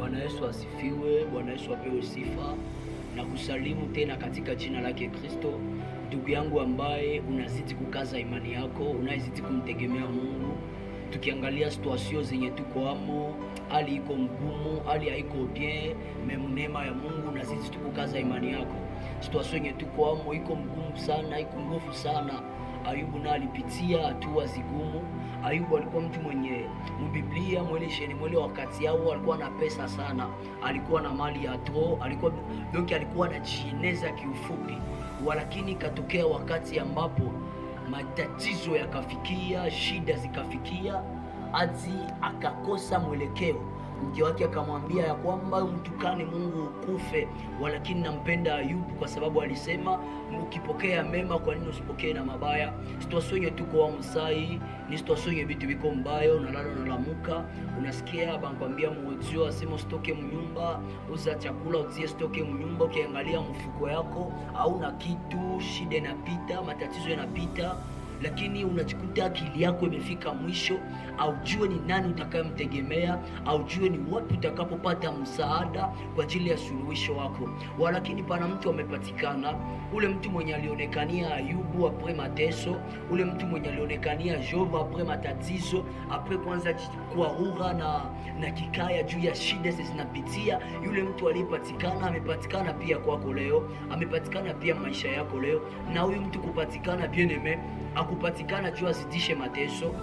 Bwana Yesu asifiwe. Bwana Yesu apewe sifa na kusalimu tena katika jina lake Kristo. Ndugu yangu ambaye unazidi kukaza imani yako, unayezidi kumtegemea Mungu, tukiangalia situasio zenye tuko amo, hali iko mgumu, hali haiko bien, memnema ya Mungu, unazidi tu kukaza imani yako. Situasio yenye tuko amo iko mgumu sana, iko ngofu sana. Ayubu na alipitia hatua zigumu Ayubu alikuwa mtu mwenye mbiblia mwelesheni mwele wakati yao, alikuwa na pesa sana, alikuwa na mali ya tro, alikuwa doki alikuwa na jineza kiufupi, walakini ikatokea wakati ambapo matatizo yakafikia, shida zikafikia, hadi akakosa mwelekeo mke wake akamwambia ya kwamba mtukane Mungu ukufe, walakini nampenda Ayubu kwa sababu alisema ukipokea mema, kwa nini usipokee na mabaya? situation tuko wa msai ni situation vitu viko mbayo, na unalamuka nalamuka, unasikia bankwambia mwezio asema usitoke mnyumba, uza chakula uzie stoke mnyumba. Ukiangalia mfuko yako au na kitu, shida inapita, matatizo yanapita lakini unajikuta akili yako imefika mwisho, aujue ni nani utakayemtegemea, aujue ni wapi utakapopata msaada kwa ajili ya suluhisho wako. Walakini pana mtu amepatikana, ule mtu mwenye alionekania Ayubu apre mateso, ule mtu mwenye alionekania Jova apre matatizo, apre kwanza kuarura na, na kikaya juu ya shida zinapitia, yule mtu aliyepatikana amepatikana pia kwako leo, amepatikana pia maisha yako leo, na huyu mtu kupatikana bien aime akupatikana juu azidishe mateso,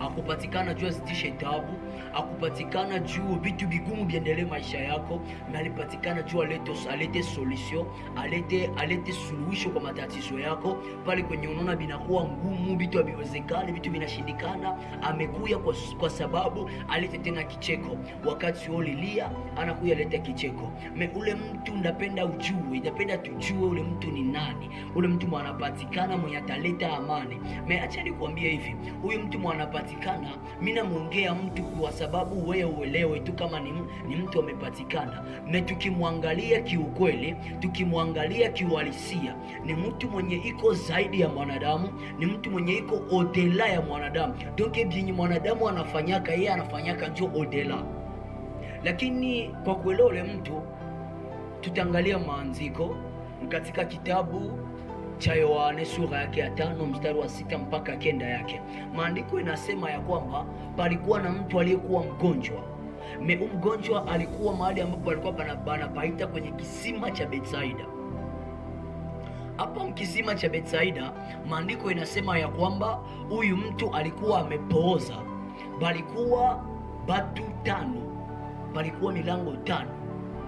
akupatikana juu azidishe tabu akupatikana juu vitu vigumu viendelee maisha yako, na alipatikana juu alete, alete solution alete, alete suluhisho kwa matatizo yako pale kwenye unaona vinakuwa ngumu, vitu haviwezekani, vitu vinashindikana. Amekuya kwa, kwa sababu alete tena kicheko wakati ulilia, anakuya alete kicheko me ule mtu ndapenda ujue, ndapenda tujue ule mtu ni nani, ule mtu mwanapatikana mwenye ataleta amani. Me achani kuambia hivi, huyu mtu mwanapatikana, mimi namwongea mtu kwa kwa sababu wewe uelewe tu kama ni, ni mtu amepatikana. Na tukimwangalia kiukweli, tukimwangalia kiuhalisia, ni mtu mwenye iko zaidi ya mwanadamu, ni mtu mwenye iko odela ya mwanadamu. Donke eh vyenye mwanadamu anafanyaka, yeye anafanyaka jo odela, lakini kwa kuelewa ule mtu, tutaangalia maandiko katika kitabu cha Yohane sura yake ya tano mstari wa sita mpaka kenda yake, maandiko inasema ya kwamba palikuwa na mtu aliyekuwa mgonjwa Meu mgonjwa alikuwa mahali ambapo alikuwa panapaita kwenye kisima cha Betsaida. Hapo mkisima cha Betsaida, maandiko inasema ya kwamba huyu mtu alikuwa amepooza, balikuwa batu tano, balikuwa milango tano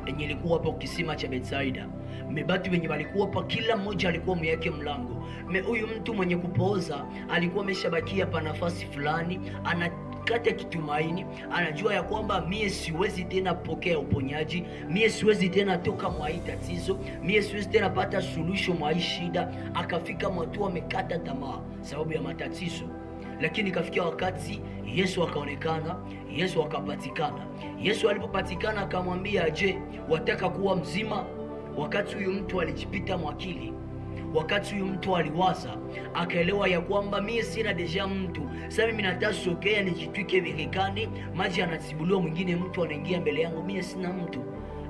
yenye ilikuwa hapo kisima cha Betsaida mebati wenye pa, kila mmoja alikuwa mweke mlango. Huyu mtu mwenye kupooza alikuwa ameshabakia pa nafasi fulani, ana kata kitumaini, anajua ya kwamba mie siwezi tena pokea uponyaji, mie siwezi tena toka mwa hii tatizo, mie siwezi tena pata suluhisho mwa hii shida. Akafika mwatu amekata tamaa sababu ya matatizo, lakini ikafikia wakati Yesu akaonekana, Yesu akapatikana. Yesu alipopatikana akamwambia, je, wataka kuwa mzima? wakati huyu mtu alijipita mwakili, wakati huyu mtu aliwaza akaelewa ya kwamba mie sina deja mtu sasa, mimi nataka sokea nijitwike virikani, maji anatibuliwa mwingine mtu anaingia mbele yangu, mie sina mtu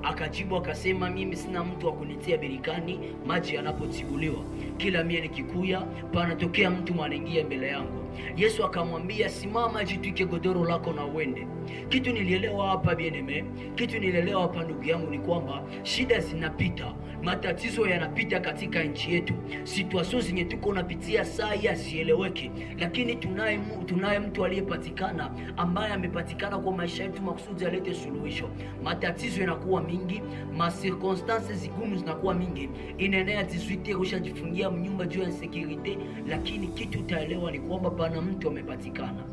Akajibu akasema mimi sina mtu wa kunitia birikani maji yanapotibuliwa, kila mie nikikuya panatokea mtu mwanaingia mbele yangu. Yesu akamwambia, simama, jitwike godoro lako na uende. Kitu nilielewa hapa bieneme, kitu nilielewa hapa ndugu yangu ni kwamba shida zinapita, matatizo yanapita katika nchi yetu. Situasion zenye tuko napitia saa hii asieleweki, lakini tunaye tunaye mtu aliyepatikana ambaye amepatikana kwa maisha yetu makusudi alete suluhisho. Matatizo yanakuwa mingi, ma zigumu zinakuwa mingi, inaenea 18 kushajifungia mnyumba juu ya insecurity, lakini kitu utaelewa ni kwamba bwana, mtu amepatikana,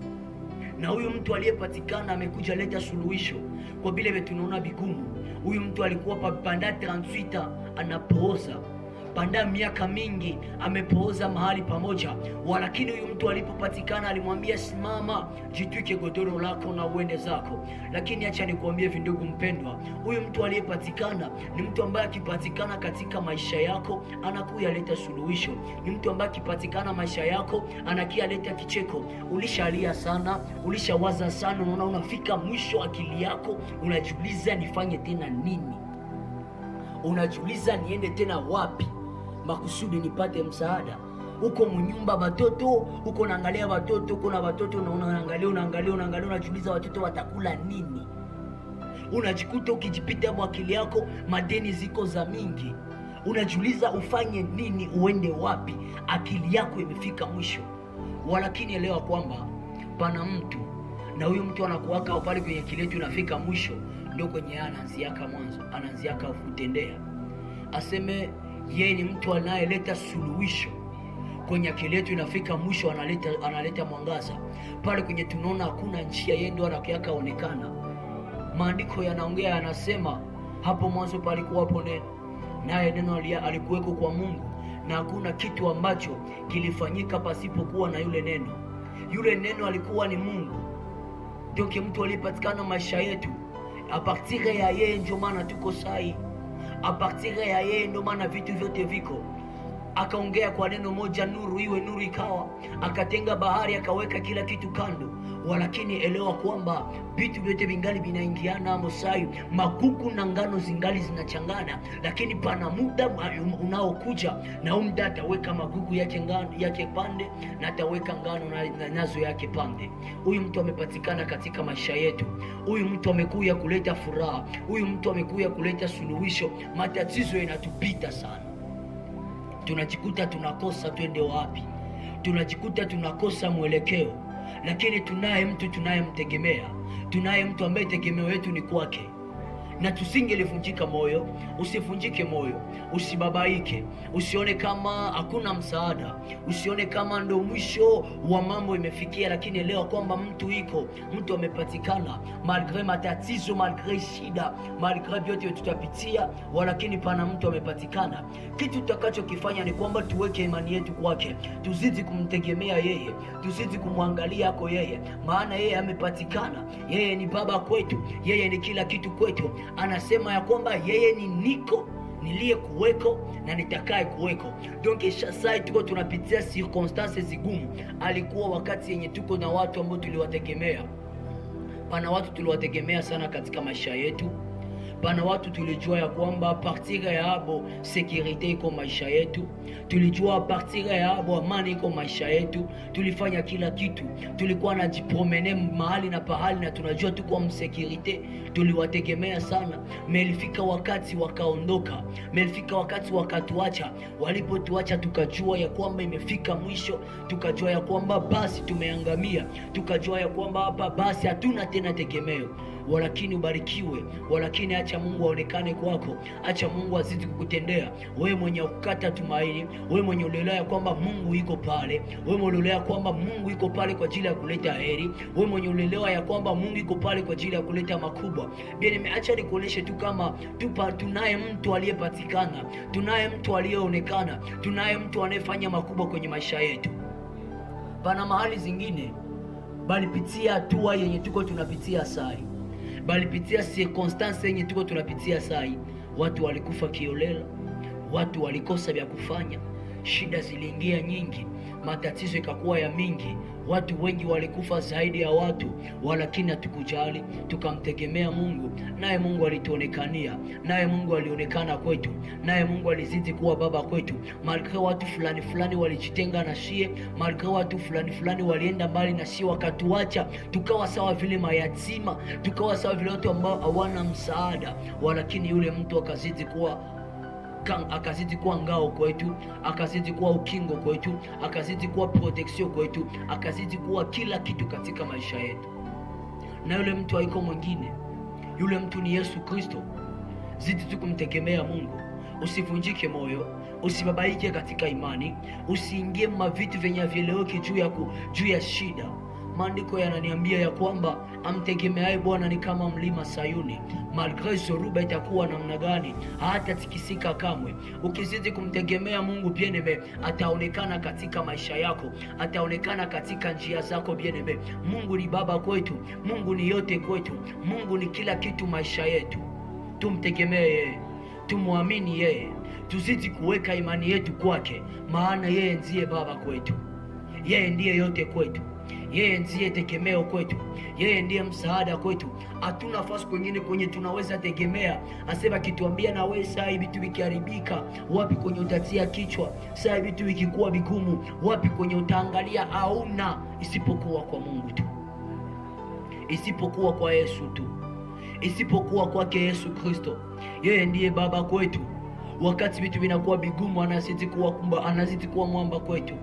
na huyu mtu aliyepatikana amekuja leta suluhisho kwa vile tunaona vigumu. Huyu mtu alikuwa pa 38 anapooza Pandaa miaka mingi amepooza mahali pamoja. Walakini huyu mtu alipopatikana, alimwambia simama, jitwike godoro lako na uende zako. Lakini acha nikuambie, vindugu mpendwa, huyu mtu aliyepatikana ni mtu ambaye akipatikana katika maisha yako anakuyaleta suluhisho. Ni mtu ambaye akipatikana maisha yako anakia leta kicheko. Ulishalia sana, ulishawaza sana, unaona unafika mwisho akili yako, unajiuliza nifanye tena nini? Unajiuliza niende tena wapi? makusudi nipate msaada. Uko mnyumba batoto, uko naangalia batoto, uko na batoto, unaangalia unaangalia unaangalia, unajiuliza watoto watakula nini? Unajikuta ukijipita mwakili yako, madeni ziko za mingi, unajiuliza ufanye nini, uende wapi? Akili yako imefika mwisho. Walakini elewa kwamba pana mtu na huyo mtu anakuwaka pale kwenye kiletu, inafika mwisho, ndio kwenye anaanziaka mwanzo, anaanziaka kutendea aseme yeye ni mtu anayeleta suluhisho kwenye akili yetu, inafika mwisho analeta, analeta mwangaza pale kwenye tunaona hakuna njia, yeye ndo anakiaka Maandiko yanaongea yanasema, hapo mwanzo palikuwa hapo neno, naye neno alikuweko kwa Mungu, na hakuna kitu ambacho kilifanyika pasipokuwa na yule neno. Yule neno alikuwa ni Mungu, ndio mtu aliyepatikana maisha yetu apatire ya yeye, ndio maana tuko sahihi. a partir de là, nous avons vu toujours te viko. akaongea kwa neno moja, nuru iwe, nuru ikawa. Akatenga bahari, akaweka kila kitu kando. Walakini elewa kwamba vitu vyote vingali vinaingiana, Mosai, makuku na ngano zingali zinachangana, lakini pana muda unaokuja na huu muda ataweka magugu yake ngano yake pande na ataweka ngano na, na nazo yake pande. Huyu mtu amepatikana katika maisha yetu. Huyu mtu amekuja kuleta furaha. Huyu mtu amekuja kuleta suluhisho. Matatizo yanatupita sana tunajikuta tunakosa twende wapi, tunajikuta tunakosa mwelekeo, lakini tunaye mtu tunayemtegemea, tunaye mtu ambaye tegemeo yetu ni kwake na tusingelivunjika moyo. Usivunjike moyo, usibabaike, usione kama hakuna msaada, usione kama ndo mwisho wa mambo imefikia, lakini elewa kwamba mtu iko mtu amepatikana, malgre matatizo, malgre shida, malgre vyote tutapitia, walakini pana mtu amepatikana. Kitu tutakachokifanya ni kwamba tuweke imani yetu kwake, tuzidi kumtegemea yeye, tuzidi kumwangalia ako yeye, maana yeye amepatikana. Yeye ni baba kwetu, yeye ni kila kitu kwetu anasema ya kwamba yeye ni niko niliye kuweko na nitakaye kuweko. Donc shasai, tuko tunapitia circonstances zigumu. Alikuwa wakati yenye tuko na watu ambao tuliwategemea, pana watu tuliwategemea sana katika maisha yetu bana watu, tulijua ya kwamba partira ya abo sekurite iko maisha yetu, tulijua partira ya abo amani iko maisha yetu. Tulifanya kila kitu, tulikuwa na jipromene mahali na pahali, na tunajua tuko msekurite, tuliwategemea sana. Melifika wakati wakaondoka, melifika wakati wakatuacha. Walipotuacha tukajua ya kwamba imefika mwisho, tukajua ya kwamba basi tumeangamia, tukajua ya kwamba hapa basi hatuna tena tegemeo walakini ubarikiwe, walakini acha Mungu aonekane kwako, acha Mungu azidi kukutendea wewe, mwenye kukata tumaini, wewe mwenye ulielewa ya kwamba Mungu iko pale, wewe mwenye ulielewa kwamba Mungu iko pale kwa ajili ya kuleta heri, wewe mwenye ulelewa ya kwamba Mungu iko pale kwa ajili ya kuleta makubwa. Bien, nimeacha nikuoneshe tu kama tupa, tunaye mtu aliyepatikana, tunaye mtu aliyeonekana, tunaye mtu anayefanya makubwa kwenye maisha yetu. Pana mahali zingine balipitia hatua yenye tuko tunapitia sai balipitia circumstance yenye tuko tunapitia sai. Watu walikufa kiolela, watu walikosa vya kufanya, shida ziliingia nyingi, matatizo ikakuwa ya mingi, Watu wengi walikufa zaidi ya watu, walakini hatukujali, tukamtegemea Mungu, naye Mungu alituonekania, naye Mungu alionekana kwetu, naye Mungu alizidi kuwa baba kwetu. marika watu fulani fulani walijitenga na sie, marika watu fulani fulani walienda mbali na sie, wakatuacha, tukawa sawa vile mayatima, tukawa sawa vile watu ambao hawana msaada, walakini yule mtu akazidi kuwa akazidi kuwa ngao kwetu, akazidi kuwa ukingo kwetu, akazidi kuwa protection kwetu, akazidi kuwa kila kitu katika maisha yetu. Na yule mtu haiko mwingine, yule mtu ni Yesu Kristo. Zidi tu kumtegemea Mungu, usivunjike moyo usibabaike katika imani, usiingie mavitu vyenye vieleweki juu ya juu ya shida. Maandiko yananiambia ya kwamba amtegemeaye Bwana ni kama mlima Sayuni. Malgre zoruba itakuwa namna gani, hata tikisika kamwe. Ukizidi kumtegemea Mungu bieneme, ataonekana katika maisha yako, ataonekana katika njia zako bieneme. Mungu ni baba kwetu, Mungu ni yote kwetu, Mungu ni kila kitu maisha yetu. Tumtegemee yeye, tumwamini yeye, tuzidi kuweka imani yetu kwake, maana yeye ndiye baba kwetu, yeye ndiye yote kwetu. Yeye ndiye tegemeo kwetu, yeye ndiye msaada kwetu. Hatuna nafasi kwengine kwenye tunaweza tegemea. Asema akituambia, na wewe saa hii vitu vikiharibika, wapi kwenye utatia kichwa? Saa hii vitu vikikuwa vigumu, wapi kwenye utaangalia? Hauna isipokuwa kwa Mungu tu, isipokuwa kwa Yesu tu, isipokuwa kwake Yesu Kristo. Yeye ndiye baba kwetu. Wakati vitu vinakuwa vigumu, anazidi kuwa kumba, anazidi kuwa mwamba kwetu.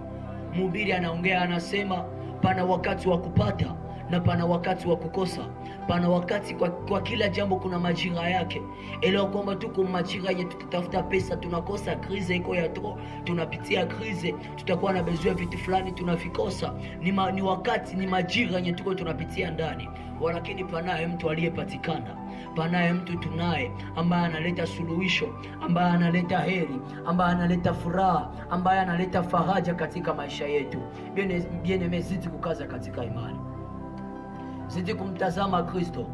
Mhubiri anaongea anasema Pana wakati wa kupata na pana wakati wa kukosa. Pana wakati kwa, kwa kila jambo kuna majira yake. Elewa kwamba tuko majira yenye tutatafuta pesa, tunakosa krize iko ya tro, tunapitia krize, tutakuwa na bezua vitu fulani tunavikosa. Ni, ma, ni wakati ni majira yenye tuko tunapitia ndani, walakini panaye mtu aliyepatikana naye mtu tunaye ambaye analeta suluhisho, ambaye analeta heri, ambaye analeta furaha, ambaye analeta faraja katika maisha yetu. bien zidi kukaza katika imani, zidi kumtazama Kristo,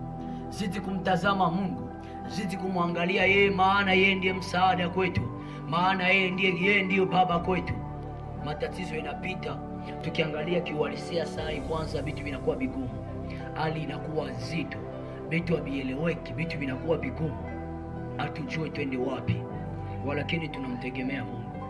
zidi kumtazama Mungu, zidi kumwangalia yeye, maana yeye ndiye msaada kwetu, maana yeye ndiye yeye ndiyo baba kwetu. Matatizo yanapita, tukiangalia kiuhalisia, saa kwanza vitu vinakuwa vigumu, hali inakuwa nzito vitu havieleweki, vitu vinakuwa vigumu, hatujue twende wapi, walakini tunamtegemea Mungu,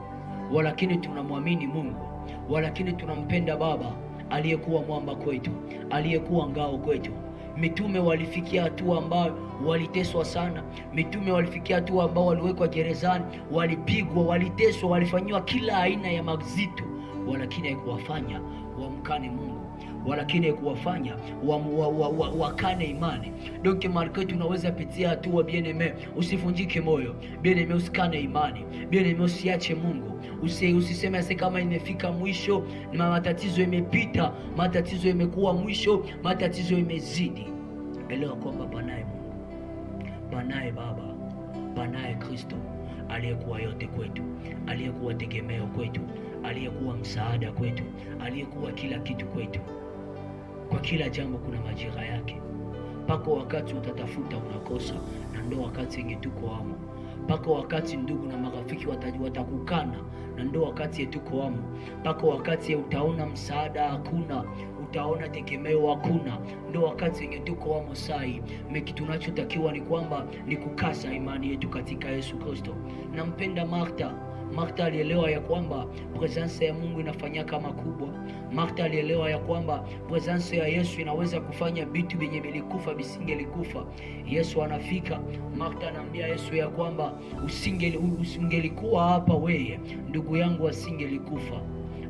walakini tunamwamini Mungu, walakini tunampenda Baba aliyekuwa mwamba kwetu, aliyekuwa ngao kwetu. Mitume walifikia hatua ambayo waliteswa sana. Mitume walifikia hatua ambao waliwekwa gerezani, walipigwa, waliteswa, walifanyiwa kila aina ya mazito, walakini haikuwafanya wamkane Mungu walakini kuwafanya wakane imani. Donc malgré unaweza pitia hatua, bnm, usifunjike usivunjike moyo, bnm, usikane imani, bnm usiache Mungu, usi, usiseme ase kama imefika mwisho, matatizo imepita, matatizo imekuwa mwisho, matatizo imezidi. Elewa kwamba panaye Mungu, panaye Baba, panaye Kristo aliyekuwa yote kwetu, aliyekuwa tegemeo kwetu, aliyekuwa msaada kwetu, aliyekuwa kila kitu kwetu. Kwa kila jambo kuna majira yake. Pako wakati utatafuta unakosa, na ndo wakati yenye tuko wamo. Pako wakati ndugu na marafiki watakukana, na ndo wakati yetuko wamo. Pako wakati utaona msaada hakuna utaona tegemeo hakuna, ndo wakati yenye tuko wamo sai meki. Tunachotakiwa ni kwamba ni kukasa imani yetu katika Yesu Kristo. Nampenda Martha. Martha alielewa ya kwamba presence ya Mungu kama kubwa Martha alielewa ya kwamba presence ya Yesu inaweza kufanya vitu vyenye vilikufa visingelikufa. Yesu anafika, Martha anaambia Yesu ya kwamba usingeli usingelikuwa hapa wewe, ndugu yangu asingelikufa.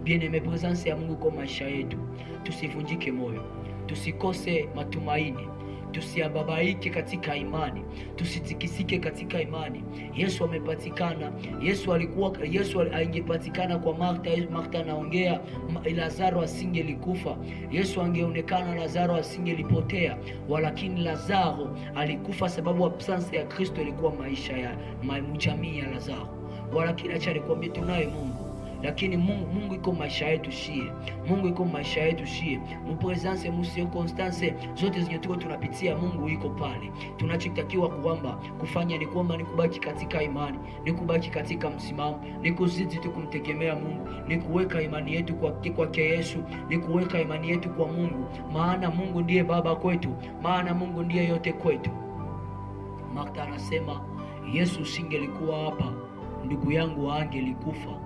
Bien-aime, presence ya Mungu kwa maisha yetu, tusivunjike moyo, tusikose matumaini tusiababaike katika imani, tusitikisike katika imani. Yesu amepatikana. Yesu alikuwa, Yesu aingepatikana kwa Martha, Martha anaongea, Lazaro asingelikufa. Yesu angeonekana, Lazaro asingelipotea, walakini Lazaro alikufa sababu absence ya Kristo ilikuwa maisha ya jamii ya Lazaro, walakini acha nikwambie, tunaye Mungu lakini Mungu, Mungu iko maisha yetu shie, Mungu iko maisha yetu shie, mupresence mu circonstance zote zenye tuko tunapitia, Mungu iko pale. Tunachotakiwa kuomba kufanya ni kuomba, ni kubaki katika imani, ni kubaki katika msimamo, ni kuzidi tu kumtegemea Mungu, ni kuweka imani yetu kwake Yesu, ni kuweka imani yetu kwa Mungu, maana Mungu ndiye baba kwetu, maana Mungu ndiye yote kwetu. Martha anasema Yesu, usingelikuwa hapa ndugu yangu angelikufa.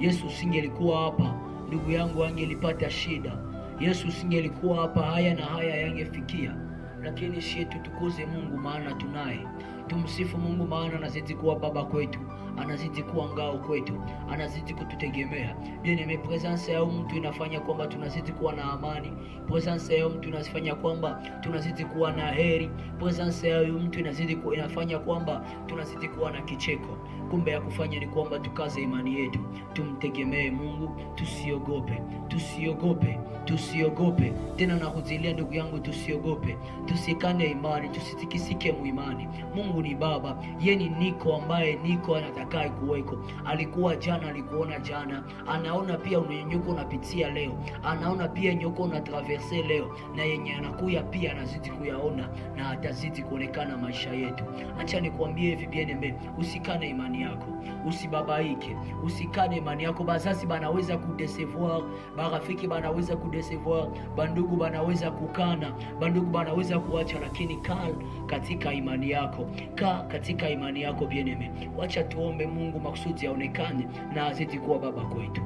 Yesu, usingelikuwa hapa, ndugu yangu angelipata shida. Yesu, usingelikuwa hapa, haya na haya yangefikia. Lakini sie tutukuze Mungu maana tunaye, tumsifu Mungu maana anazidi kuwa baba kwetu anazidi kuwa ngao kwetu, anazidi kututegemea. Je, ni presence ya mtu inafanya kwamba tunazidi kuwa na amani. Presence ya mtu inafanya kwamba tunazidi kuwa na heri. Presence ya huyu mtu inazidi ku, inafanya kwamba tunazidi kuwa na kicheko. Kumbe ya kufanya ni kwamba tukaze imani yetu, tumtegemee Mungu, tusiogope, tusiogope tusiogope tena. Na kuzilia ndugu yangu, tusiogope, tusikane imani, tusitikisike muimani. Mungu ni Baba, ye ni niko ambaye niko anatakaye kuweko. Alikuwa jana, alikuona jana, anaona pia unyenyuko unapitia leo, anaona pia nyoko traverse leo, na yenye anakuya pia anazidi kuyaona na atazidi kuonekana maisha yetu. Acha nikuambie hivi bienembe, usikane imani yako, usibabaike, usikane imani yako. Bazazi banaweza kudesevoir, barafiki banaweza kude reservoir Bandugu banaweza kukana, bandugu banaweza kuacha, lakini kal katika imani yako, kaa katika imani yako bieneme. Wacha tuombe Mungu makusudi aonekane na azidi kuwa baba kwetu.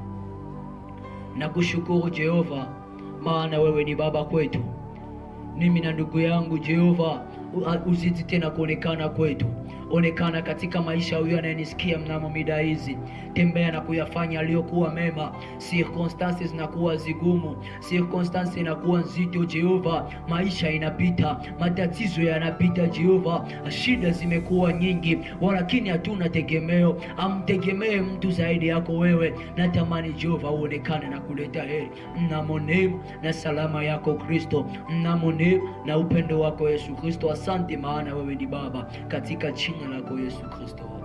Nakushukuru Jehova, maana wewe ni baba kwetu. Mimi na ndugu yangu Jehova, uzidi tena kuonekana kwetu onekana katika maisha huyo anayenisikia mnamo mida hizi. Tembea na kuyafanya aliyokuwa mema. Circumstances zinakuwa zigumu, circumstances inakuwa nzito. Jehova, maisha inapita, matatizo yanapita. Jehova, shida zimekuwa nyingi, walakini hatuna tegemeo. Amtegemee mtu zaidi yako wewe. Natamani Jehova uonekane na kuleta heri mnamo neema na salama yako Kristo, mnamo neema na upendo wako Yesu Kristo. Asante maana wewe ni Baba, katika jina Pana Jezu Chrystusa.